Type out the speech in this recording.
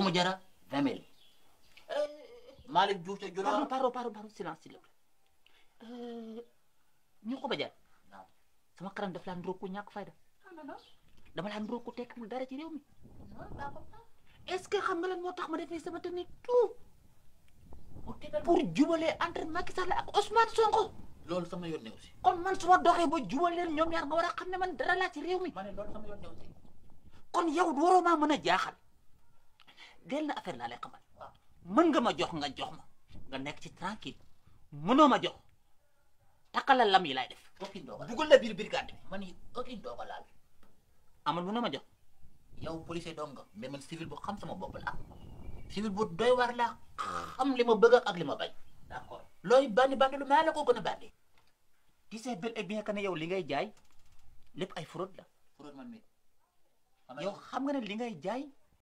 ku mu jara vingt mille euh, Malick Diouf te Jula. pardon pardon pardon silence si la euh, ñu ko ba jar. sama karam daf laa nduróog ku ñàkk fayda. dama laa nduróog ku tekk mu dara ci réew mi. est-ce que xam nga lan moo tax ma def sama technique tout. pour jubalee entre Macky Sall ak Ousmane Sonko. loolu sama yoon ne aussi. kon man su ma doxee ba jubaleen ñoom ñaar nga war a xam ne man dara laa ci réew mi. ma ne loolu sama yoon ne kon yow waroo maa mën jaaxal. dell na affaire laa lay xamal mën nga ma jox nga jox ma nga nekk ci tranquille mënoo ma jox takkala lam yi laay def. kooku ndoogal la biir biir gàtt bi man yi kooku ndoogal laal. amal mënoo ma jox. yow policier dong nga mais man civil bu xam sama bopp la civil bu doy war la xam li ma bëgg ak li ma bañ. d'accord looy bandi bandi lu maa la ko gën a bandi. tu sais bel et bien que ne yow li ngay jaay lépp ay fraude la. fraude man mi. xam nga ne li ngay jaay.